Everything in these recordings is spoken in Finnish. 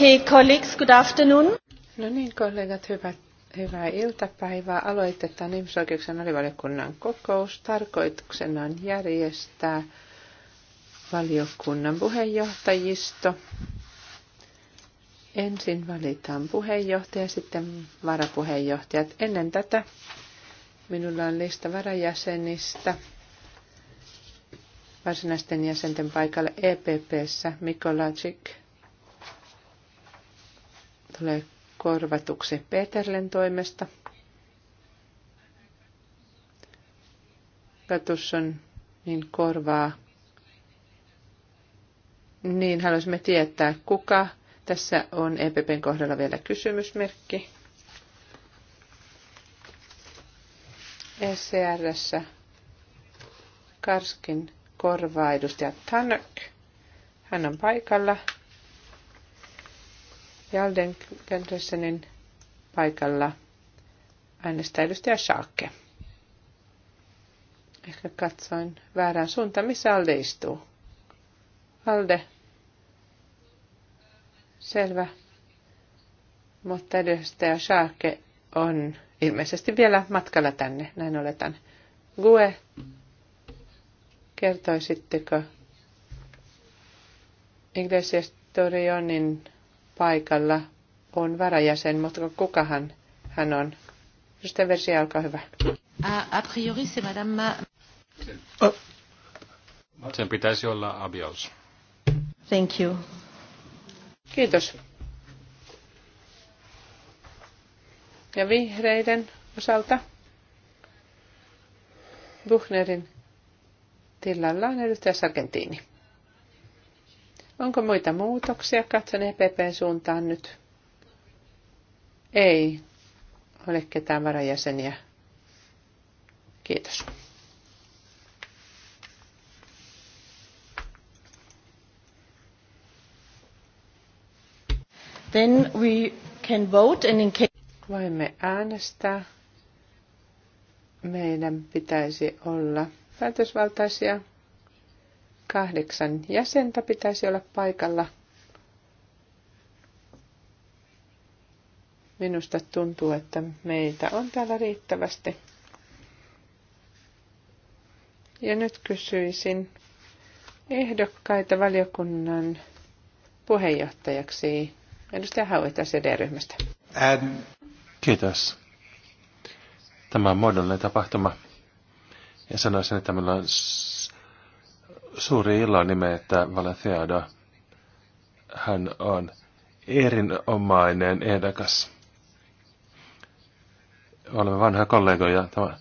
Okay, colleagues, good afternoon. No niin, kollegat, hyvä, hyvää iltapäivää. Aloitetaan ihmisoikeuksien alivaliokunnan kokous. Tarkoituksena on järjestää valiokunnan puheenjohtajisto. Ensin valitaan puheenjohtaja, sitten varapuheenjohtajat. Ennen tätä minulla on lista varajäsenistä varsinaisten jäsenten paikalle EPPssä Lajik, tulee korvatuksi Peterlen toimesta. Katusson niin korvaa. Niin haluaisimme tietää, kuka tässä on EPPn kohdalla vielä kysymysmerkki. ECRssä Karskin korvaa edustaja Tanök. Hän on paikalla. Jalden Kendressenin paikalla äänestää edustaja Saakke. Ehkä katsoin väärään suuntaan, missä Alde istuu. Alde. Selvä. Mutta edustaja Saakke on ilmeisesti vielä matkalla tänne, näin oletan. Gue, kertoisitteko Iglesias Torionin paikalla on varajäsen, mutta kukahan hän on? Sitten versi, alkaa hyvä. A, a priori se madame... Ma... Oh. Sen pitäisi olla Abios. Thank you. Kiitos. Ja vihreiden osalta Buchnerin tilalla on edustaja Sargentini. Onko muita muutoksia? Katson EPPn suuntaan nyt. Ei ole ketään varajäseniä. Kiitos. Then we can vote and in case... Voimme äänestää. Meidän pitäisi olla päätösvaltaisia Kahdeksan jäsentä pitäisi olla paikalla. Minusta tuntuu, että meitä on täällä riittävästi. Ja nyt kysyisin ehdokkaita valiokunnan puheenjohtajaksi edustaja Hauita CD-ryhmästä. Ähm. Kiitos. Tämä on muodollinen tapahtuma. Ja sanoisin, että meillä on suuri ilo nimetä Valenciada. Hän on erinomainen ehdokas. Olemme vanhoja kollegoja. Tämä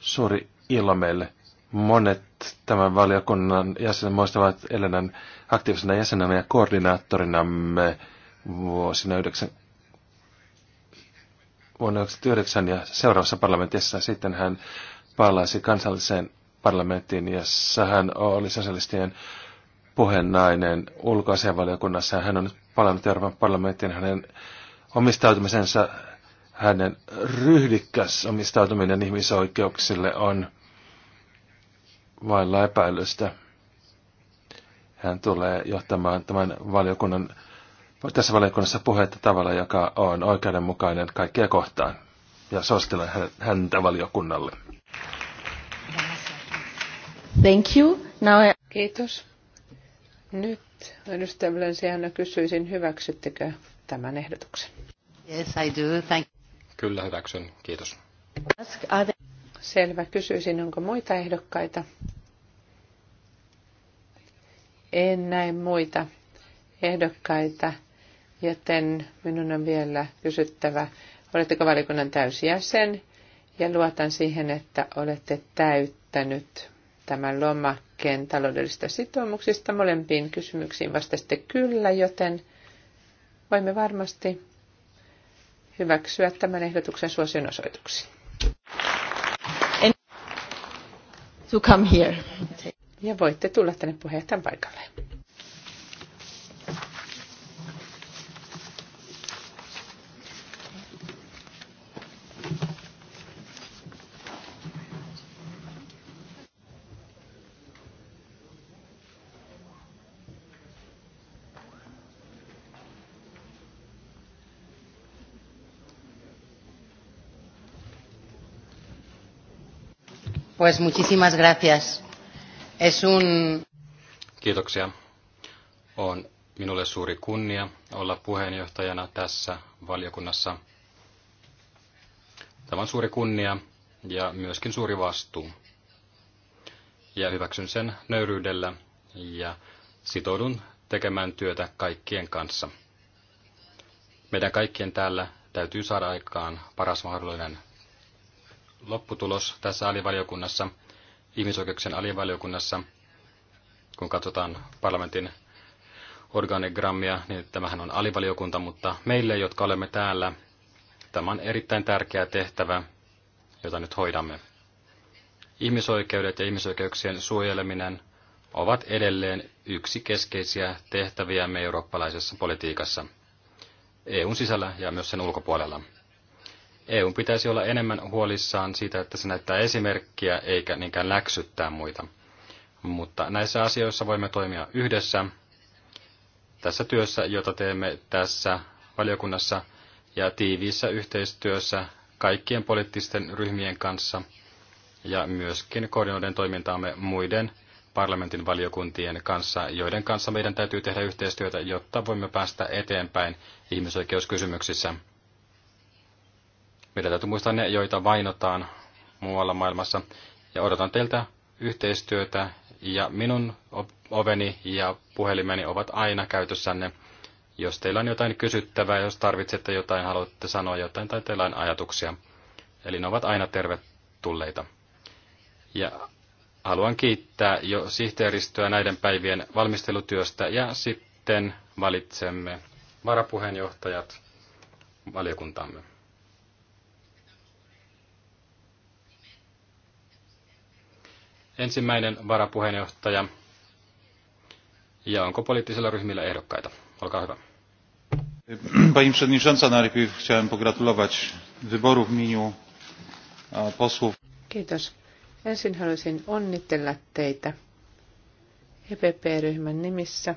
suuri ilo meille. Monet tämän valiokunnan jäsenet muistavat Elenan aktiivisena jäsenenä ja koordinaattorinamme vuosina 9, vuonna 1999 ja seuraavassa parlamentissa sitten hän palasi kansalliseen parlamenttiin ja hän oli sosialistien puheennainen ulkoasianvaliokunnassa. Hän on nyt palannut Euroopan parlamenttiin. Hänen omistautumisensa, hänen ryhdikkäs omistautuminen ihmisoikeuksille on vailla epäilystä. Hän tulee johtamaan tämän valiokunnan, tässä valiokunnassa puhetta tavalla, joka on oikeudenmukainen kaikkia kohtaan. Ja suosittelen häntä valiokunnalle. Thank you. Now I... Kiitos. Nyt edustaja Blensiana kysyisin, hyväksyttekö tämän ehdotuksen? Yes, I do. Thank you. Kyllä hyväksyn. Kiitos. Selvä. Kysyisin, onko muita ehdokkaita? En näe muita ehdokkaita, joten minun on vielä kysyttävä, oletteko valikunnan täysjäsen ja luotan siihen, että olette täyttänyt tämän lomakkeen taloudellisista sitoumuksista. Molempiin kysymyksiin vastasitte kyllä, joten voimme varmasti hyväksyä tämän ehdotuksen suosion osoituksi. to come here. Ja voitte tulla tänne puheenjohtajan paikalle. Pues muchísimas gracias. Es un... Kiitoksia. On minulle suuri kunnia olla puheenjohtajana tässä valiokunnassa. Tämä on suuri kunnia ja myöskin suuri vastuu. Ja hyväksyn sen nöyryydellä ja sitoudun tekemään työtä kaikkien kanssa. Meidän kaikkien täällä täytyy saada aikaan paras mahdollinen lopputulos tässä alivaliokunnassa, ihmisoikeuksien alivaliokunnassa, kun katsotaan parlamentin organigrammia, niin tämähän on alivaliokunta, mutta meille, jotka olemme täällä, tämä on erittäin tärkeä tehtävä, jota nyt hoidamme. Ihmisoikeudet ja ihmisoikeuksien suojeleminen ovat edelleen yksi keskeisiä tehtäviä me eurooppalaisessa politiikassa, EUn sisällä ja myös sen ulkopuolella. EUn pitäisi olla enemmän huolissaan siitä, että se näyttää esimerkkiä eikä niinkään läksyttää muita. Mutta näissä asioissa voimme toimia yhdessä tässä työssä, jota teemme tässä valiokunnassa ja tiiviissä yhteistyössä kaikkien poliittisten ryhmien kanssa ja myöskin koordinoiden toimintaamme muiden parlamentin valiokuntien kanssa, joiden kanssa meidän täytyy tehdä yhteistyötä, jotta voimme päästä eteenpäin ihmisoikeuskysymyksissä. Meidän täytyy muistaa ne, joita vainotaan muualla maailmassa. Ja odotan teiltä yhteistyötä ja minun oveni ja puhelimeni ovat aina käytössänne. Jos teillä on jotain kysyttävää, jos tarvitsette jotain, haluatte sanoa jotain tai teillä on ajatuksia. Eli ne ovat aina tervetulleita. Ja haluan kiittää jo sihteeristöä näiden päivien valmistelutyöstä ja sitten valitsemme varapuheenjohtajat valiokuntaamme. ensimmäinen varapuheenjohtaja. Ja onko poliittisilla ryhmillä ehdokkaita? Olkaa hyvä. Pani przewodnicząca, no najpierw chciałem pogratulować wyboru w imieniu posłów. Kiitos. Ensin haluaisin onnitella teitä EPP-ryhmän nimissä.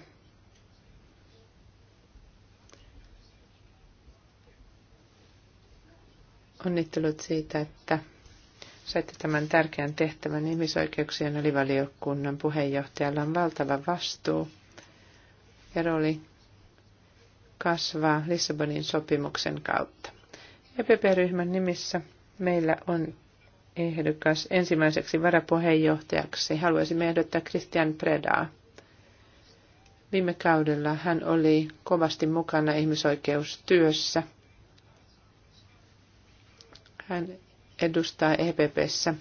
Onnittelut siitä, että saitte tämän tärkeän tehtävän ihmisoikeuksien alivaliokunnan puheenjohtajalla on valtava vastuu ja rooli kasvaa Lissabonin sopimuksen kautta. EPP-ryhmän nimissä meillä on ehdokas ensimmäiseksi varapuheenjohtajaksi. Haluaisimme ehdottaa Christian Predaa. Viime kaudella hän oli kovasti mukana ihmisoikeustyössä. Hän edustaa EPPssä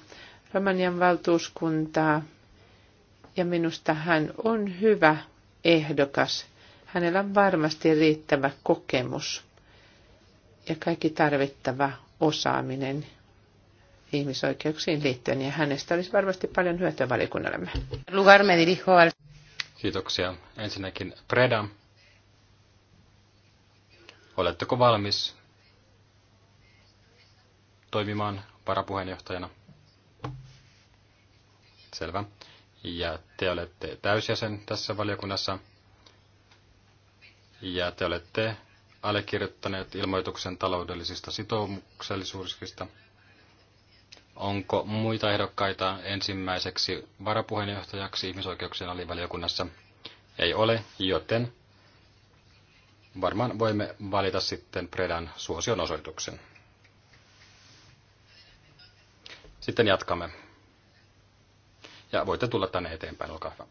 Romanian valtuuskuntaa ja minusta hän on hyvä ehdokas. Hänellä on varmasti riittävä kokemus ja kaikki tarvittava osaaminen ihmisoikeuksiin liittyen, ja hänestä olisi varmasti paljon hyötyä valikunnallemme. Lugar Kiitoksia. Ensinnäkin Preda. Oletteko valmis toimimaan varapuheenjohtajana. Selvä. Ja te olette täysjäsen tässä valiokunnassa. Ja te olette allekirjoittaneet ilmoituksen taloudellisista sitoumuksellisuuksista. Onko muita ehdokkaita ensimmäiseksi varapuheenjohtajaksi ihmisoikeuksien alivaliokunnassa? Ei ole, joten varmaan voimme valita sitten Predan suosion osoituksen. Sitten jatkamme. Ja voitte tulla tänne eteenpäin, olkaa hyvä.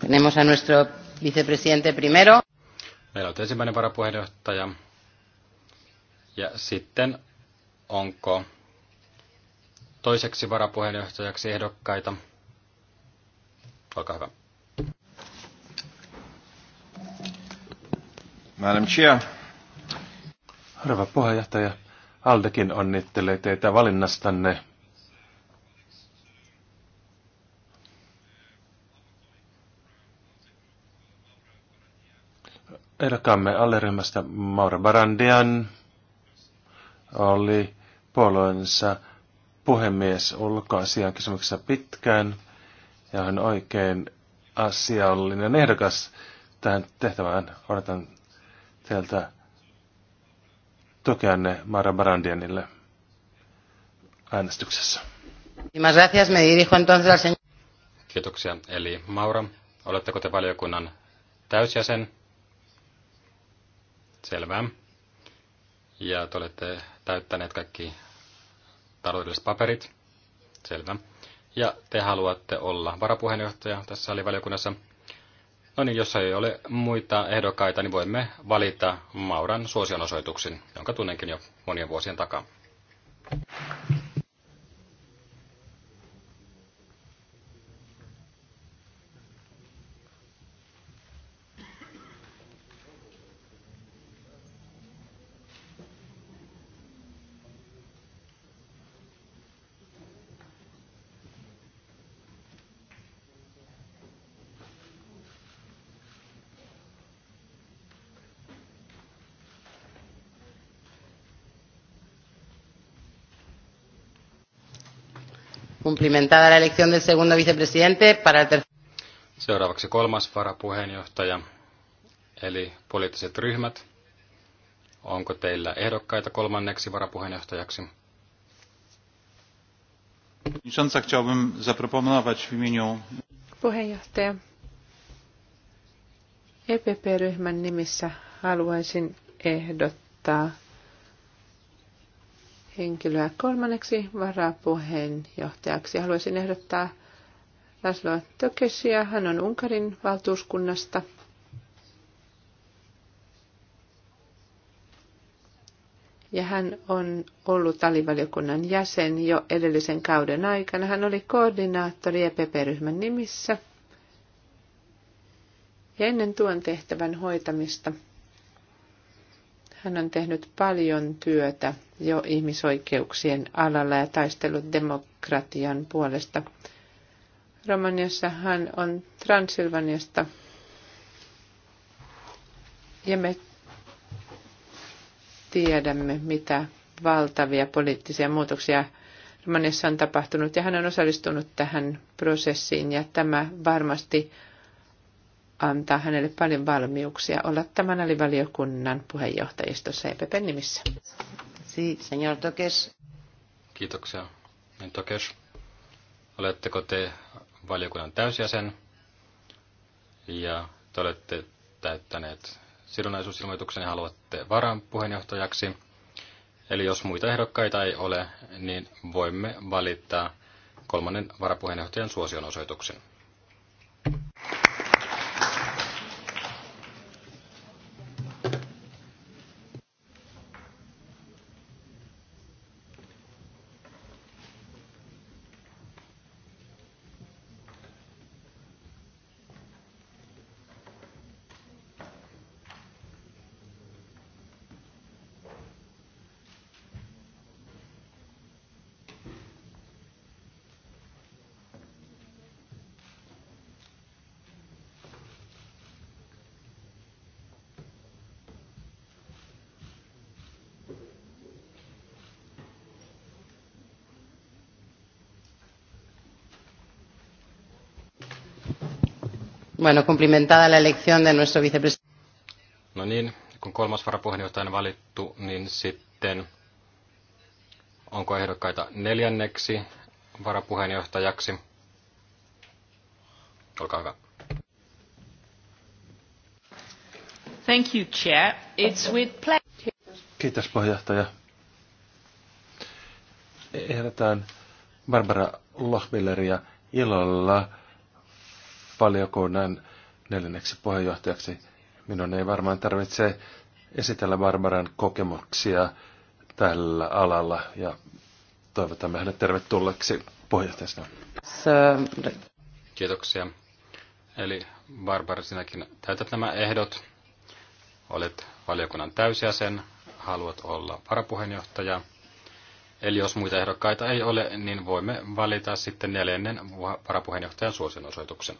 Tenemos a nuestro vicepresidente primero. Meillä on ensimmäinen varapuheenjohtaja. Ja sitten onko toiseksi varapuheenjohtajaksi ehdokkaita? Olkaa hyvä. Madam Chair. Arva puheenjohtaja, Aldekin onnittelee teitä valinnastanne ehdokkaamme alleryhmästä Maura Barandian oli puolueensa puhemies ulkoasian kysymyksessä pitkään ja hän oikein asiallinen ehdokas tähän tehtävään. Odotan teiltä tukeanne Maura Barandianille äänestyksessä. Kiitoksia. Eli Maura, oletteko te valiokunnan täysjäsen? Selvä. Ja te olette täyttäneet kaikki taloudelliset paperit. Selvä. Ja te haluatte olla varapuheenjohtaja tässä salivaliokunnassa. No niin, jos ei ole muita ehdokkaita, niin voimme valita Mauran suosionosoituksen, jonka tunnenkin jo monien vuosien takaa. Cumplimentada la elección del segundo vicepresidente para el tercer... Seuraavaksi kolmas varapuheenjohtaja, eli poliittiset ryhmät. Onko teillä ehdokkaita kolmanneksi varapuheenjohtajaksi? Puheenjohtaja, EPP-ryhmän nimissä haluaisin ehdottaa henkilöä kolmanneksi varapuheenjohtajaksi. Haluaisin ehdottaa Laszlo Tökesiä. Hän on Unkarin valtuuskunnasta. Ja hän on ollut alivaliokunnan jäsen jo edellisen kauden aikana. Hän oli koordinaattori EPP-ryhmän nimissä. Ja ennen tuon tehtävän hoitamista – hän on tehnyt paljon työtä jo ihmisoikeuksien alalla ja taistellut demokratian puolesta. Romaniassa hän on Transilvaniasta ja me tiedämme, mitä valtavia poliittisia muutoksia Romaniassa on tapahtunut ja hän on osallistunut tähän prosessiin ja tämä varmasti antaa hänelle paljon valmiuksia olla tämän alivaliokunnan puheenjohtajistossa EPPn nimissä. Si, señor Tokes. Kiitoksia. En niin Tokes, oletteko te valiokunnan täysjäsen ja te olette täyttäneet sidonnaisuusilmoituksen ja haluatte puheenjohtajaksi. Eli jos muita ehdokkaita ei ole, niin voimme valittaa kolmannen varapuheenjohtajan suosion osoituksen. Bueno, cumplimentada la elección de nuestro vicepresidente. No niin, kun kolmas varapuheenjohtaja on valittu, niin sitten onko ehdokkaita neljänneksi varapuheenjohtajaksi? Olkaa hyvä. Thank you, Chair. It's with pleasure. Kiitos puheenjohtaja. Ehdotan Barbara Lochmilleria ilolla valiokunnan neljänneksi puheenjohtajaksi. Minun ei varmaan tarvitse esitellä Barbaran kokemuksia tällä alalla ja toivotamme hänet tervetulleeksi puheenjohtajana. Kiitoksia. Eli Barbara, sinäkin täytät nämä ehdot. Olet valiokunnan täysjäsen, haluat olla varapuheenjohtaja. Eli jos muita ehdokkaita ei ole, niin voimme valita sitten neljännen varapuheenjohtajan suosionosoituksen.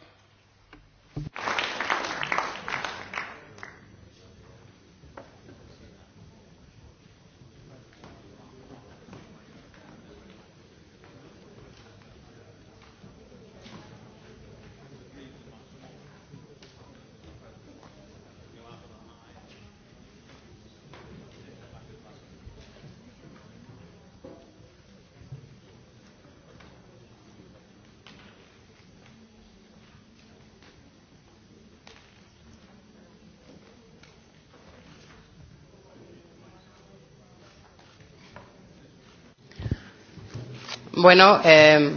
Bueno, eh,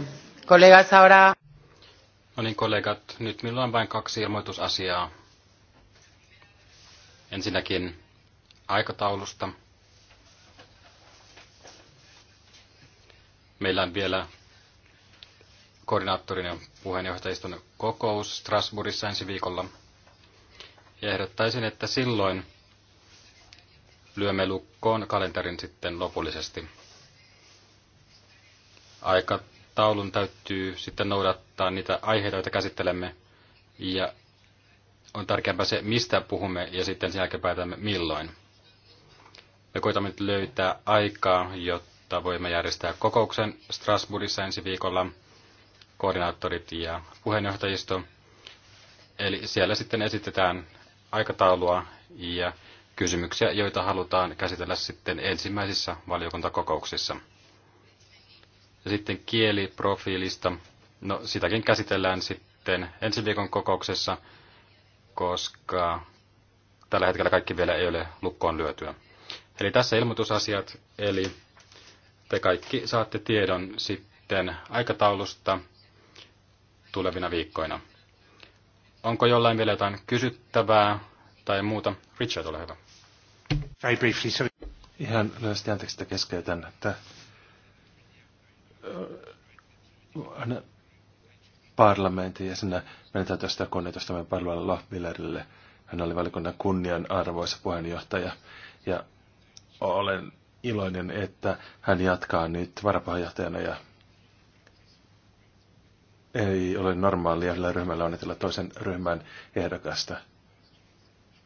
ahora... No niin, kollegat, nyt minulla on vain kaksi ilmoitusasiaa. Ensinnäkin aikataulusta. Meillä on vielä koordinaattorin ja puheenjohtajiston kokous Strasbourgissa ensi viikolla. Ja ehdottaisin, että silloin lyömme lukkoon kalenterin sitten lopullisesti. Aikataulun täytyy sitten noudattaa niitä aiheita, joita käsittelemme, ja on tärkeämpää se, mistä puhumme, ja sitten sen jälkeen päätämme milloin. Me koitamme nyt löytää aikaa, jotta voimme järjestää kokouksen Strasbourgissa ensi viikolla, koordinaattorit ja puheenjohtajisto. Eli siellä sitten esitetään aikataulua ja kysymyksiä, joita halutaan käsitellä sitten ensimmäisissä valiokuntakokouksissa. Ja sitten kieliprofiilista. No, sitäkin käsitellään sitten ensi viikon kokouksessa, koska tällä hetkellä kaikki vielä ei ole lukkoon lyötyä. Eli tässä ilmoitusasiat, eli te kaikki saatte tiedon sitten aikataulusta tulevina viikkoina. Onko jollain vielä jotain kysyttävää tai muuta? Richard, ole hyvä. Very briefly, sorry. Ihan lyhyesti anteeksi, että keskeytän, että aina parlamentin jäsenä meidän tästä koneetosta meidän parlamentin Lohmillerille. Hän oli valikunnan kunnianarvoisa puheenjohtaja ja olen iloinen, että hän jatkaa nyt varapuheenjohtajana ja ei ole normaalia sillä ryhmällä onnitella toisen ryhmän ehdokasta.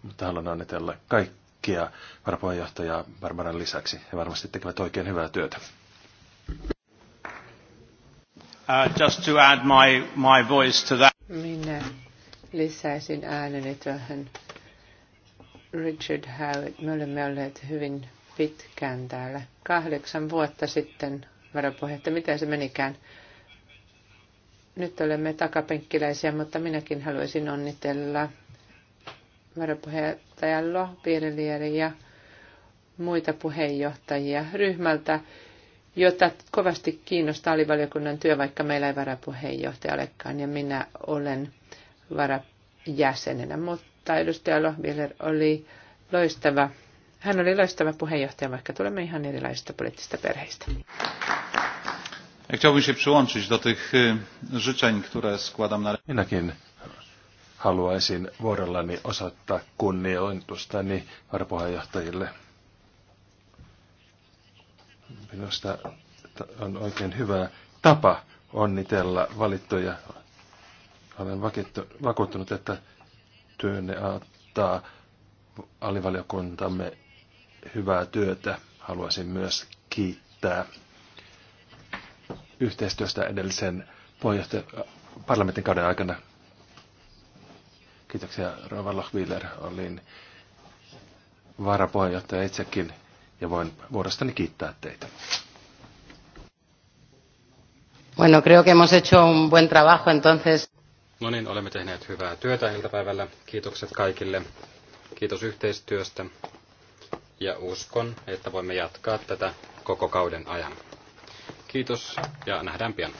Mutta haluan onnitella kaikkia varapuheenjohtajaa Barbaran lisäksi. He varmasti tekevät oikein hyvää työtä. Uh, just to add my, my voice to that. Minä lisäisin ääneni tähän Richard Howard. Me olemme olleet hyvin pitkään täällä. Kahdeksan vuotta sitten varapuheenjohtaja, miten se menikään. Nyt olemme takapenkkiläisiä, mutta minäkin haluaisin onnitella varapuheenjohtaja Lohpieleliä ja muita puheenjohtajia ryhmältä, jota kovasti kiinnostaa alivaliokunnan työ, vaikka meillä ei varapuheenjohtaja olekaan ja minä olen varajäsenenä. Mutta edustaja Lohmiller oli loistava. Hän oli loistava puheenjohtaja, vaikka tulemme ihan erilaisista poliittisista perheistä. Minäkin haluaisin vuorollani osoittaa kunnioitustani varapuheenjohtajille. Minusta on oikein hyvä tapa onnitella valittuja. Olen vakuuttunut, että työnne auttaa alivaliokuntamme hyvää työtä. Haluaisin myös kiittää yhteistyöstä edellisen puheenjohtajan parlamentin kauden aikana. Kiitoksia Rova Lochwiller. Olin varapuheenjohtaja itsekin ja voin vuorostani kiittää teitä. Bueno, creo que hemos hecho un buen trabajo entonces. No niin, olemme tehneet hyvää työtä iltapäivällä. Kiitokset kaikille. Kiitos yhteistyöstä. Ja uskon, että voimme jatkaa tätä koko kauden ajan. Kiitos ja nähdään pian.